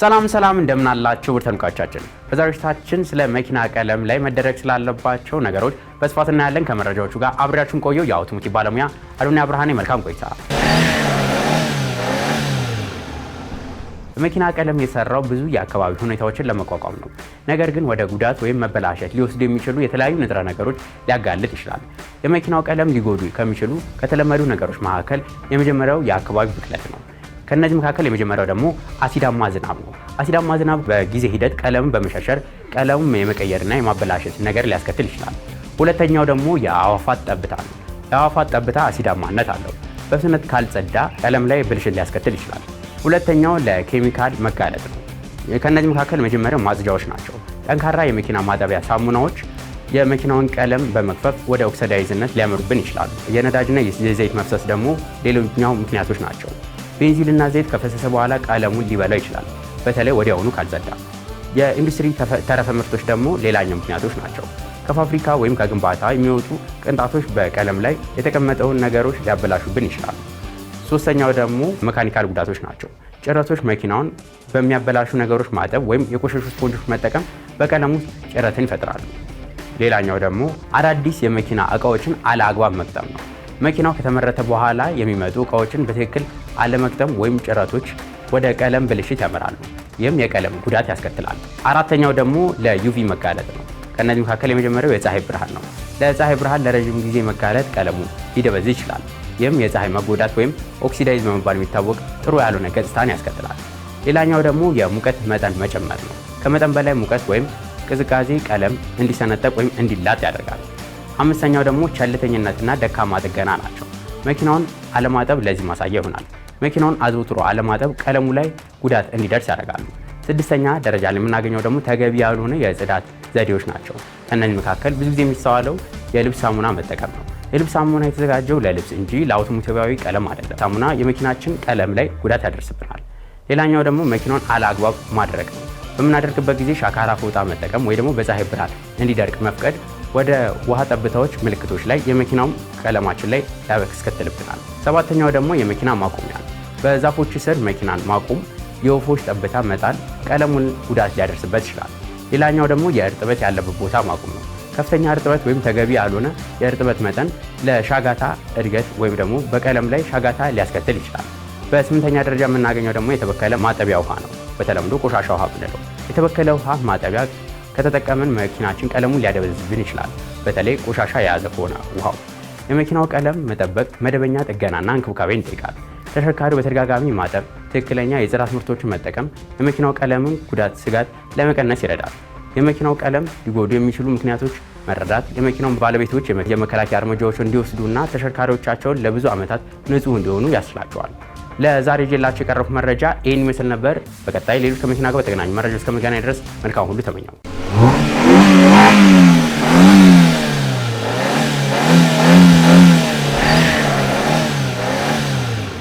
ሰላም ሰላም እንደምን አላችሁ ውድ ተመልካቾቻችን፣ በዛሬው ዝግጅታችን ስለ መኪና ቀለም ላይ መደረግ ስላለባቸው ነገሮች በስፋት እናያለን። ከመረጃዎቹ ጋር አብሬያችሁን ቆየው የአውቶሞቲቭ ባለሙያ አዶኒያ ብርሃኔ። መልካም ቆይታ። በመኪና ቀለም የሰራው ብዙ የአካባቢ ሁኔታዎችን ለመቋቋም ነው። ነገር ግን ወደ ጉዳት ወይም መበላሸት ሊወስዱ የሚችሉ የተለያዩ ንጥረ ነገሮች ሊያጋልጥ ይችላል። የመኪናው ቀለም ሊጎዱ ከሚችሉ ከተለመዱ ነገሮች መካከል የመጀመሪያው የአካባቢ ብክለት ነው። ከእነዚህ መካከል የመጀመሪያው ደግሞ አሲዳማ ዝናብ ነው። አሲዳማ ዝናብ በጊዜ ሂደት ቀለምን በመሸርሸር ቀለሙም የመቀየርና የማበላሸት ነገር ሊያስከትል ይችላል። ሁለተኛው ደግሞ የአዋፋት ጠብታ ነው። የአዋፋት ጠብታ አሲዳማነት አለው። በፍጥነት ካልጸዳ ቀለም ላይ ብልሽት ሊያስከትል ይችላል። ሁለተኛው ለኬሚካል መጋለጥ ነው። ከእነዚህ መካከል መጀመሪያው ማጽጃዎች ናቸው። ጠንካራ የመኪና ማጠቢያ ሳሙናዎች የመኪናውን ቀለም በመክፈፍ ወደ ኦክሲዳይዝነት ሊያመሩብን ይችላሉ። የነዳጅና የዘይት መፍሰስ ደግሞ ሌሎኛው ምክንያቶች ናቸው። ቤንዚልና ዘይት ከፈሰሰ በኋላ ቀለሙን ሊበላው ይችላል፣ በተለይ ወዲያውኑ ካልጸዳ። የኢንዱስትሪ ተረፈ ምርቶች ደግሞ ሌላኛው ምክንያቶች ናቸው። ከፋብሪካ ወይም ከግንባታ የሚወጡ ቅንጣቶች በቀለም ላይ የተቀመጠውን ነገሮች ሊያበላሹብን ይችላሉ። ሶስተኛው ደግሞ መካኒካል ጉዳቶች ናቸው። ጭረቶች መኪናውን በሚያበላሹ ነገሮች ማጠብ ወይም የቆሸሹ ስፖንጆች መጠቀም በቀለም ውስጥ ጭረትን ይፈጥራሉ። ሌላኛው ደግሞ አዳዲስ የመኪና እቃዎችን አለአግባብ መቅጠም ነው። መኪናው ከተመረተ በኋላ የሚመጡ እቃዎችን በትክክል አለመክተም ወይም ጭረቶች ወደ ቀለም ብልሽት ያመራሉ። ይህም የቀለም ጉዳት ያስከትላል። አራተኛው ደግሞ ለዩቪ መጋለጥ ነው። ከእነዚህ መካከል የመጀመሪያው የፀሐይ ብርሃን ነው። ለፀሐይ ብርሃን ለረዥም ጊዜ መጋለጥ ቀለሙ ሊደበዝ ይችላል። ይህም የፀሐይ መጎዳት ወይም ኦክሲዳይዝ በመባል የሚታወቅ ጥሩ ያልሆነ ገጽታን ያስከትላል። ሌላኛው ደግሞ የሙቀት መጠን መጨመር ነው። ከመጠን በላይ ሙቀት ወይም ቅዝቃዜ ቀለም እንዲሰነጠቅ ወይም እንዲላጥ ያደርጋል። አምስተኛው ደግሞ ቸልተኝነትና ደካማ ጥገና ናቸው። መኪናውን አለማጠብ ለዚህ ማሳያ ይሆናል። መኪናውን አዘውትሮ አለማጠብ ቀለሙ ላይ ጉዳት እንዲደርስ ያደርጋሉ። ስድስተኛ ደረጃ ላይ የምናገኘው ደግሞ ተገቢ ያልሆነ የጽዳት ዘዴዎች ናቸው። ከእነዚህ መካከል ብዙ ጊዜ የሚስተዋለው የልብስ ሳሙና መጠቀም ነው። የልብስ ሳሙና የተዘጋጀው ለልብስ እንጂ ለአውቶሞቲባዊ ቀለም አይደለም። ሳሙና የመኪናችን ቀለም ላይ ጉዳት ያደርስብናል። ሌላኛው ደግሞ መኪናውን አለአግባብ ማድረግ ነው። በምናደርግበት ጊዜ ሻካራ ፎጣ መጠቀም ወይ ደግሞ በፀሐይ ብርሃን እንዲደርቅ መፍቀድ ወደ ውሃ ጠብታዎች ምልክቶች ላይ የመኪናውም ቀለማችን ላይ ያስከትልብናል። ሰባተኛው ደግሞ የመኪና ማቆሚያ በዛፎች ስር መኪናን ማቆም የወፎች ጠብታ መጣል ቀለሙን ጉዳት ሊያደርስበት ይችላል። ሌላኛው ደግሞ የእርጥበት ያለበት ቦታ ማቆም ነው። ከፍተኛ እርጥበት ወይም ተገቢ ያልሆነ የእርጥበት መጠን ለሻጋታ እድገት ወይም ደግሞ በቀለም ላይ ሻጋታ ሊያስከትል ይችላል። በስምንተኛ ደረጃ የምናገኘው ደግሞ የተበከለ ማጠቢያ ውሃ ነው። በተለምዶ ቆሻሻ ውሃ ብንለው። የተበከለ ውሃ ማጠቢያ ከተጠቀምን መኪናችን ቀለሙን ሊያደበዝብን ይችላል፣ በተለይ ቆሻሻ የያዘ ከሆነ ውሃው። የመኪናው ቀለም መጠበቅ መደበኛ ጥገናና እንክብካቤን ይጠይቃል። ተሽከርካሪው በተደጋጋሚ ማጠብ፣ ትክክለኛ የጽራት ምርቶችን መጠቀም የመኪናው ቀለምን ጉዳት ስጋት ለመቀነስ ይረዳል። የመኪናው ቀለም ሊጎዱ የሚችሉ ምክንያቶች መረዳት የመኪናው ባለቤቶች የመከላከያ እርምጃዎች እንዲወስዱና ተሽከርካሪዎቻቸውን ለብዙ ዓመታት ንጹህ እንዲሆኑ ያስችላቸዋል። ለዛሬ ጀላቸው የቀረቡት መረጃ ይህን ይመስል ነበር። በቀጣይ ሌሎች ከመኪና ጋር በተገናኙ መረጃ እስከምንገናኝ ድረስ መልካም ሁሉ ተመኘው።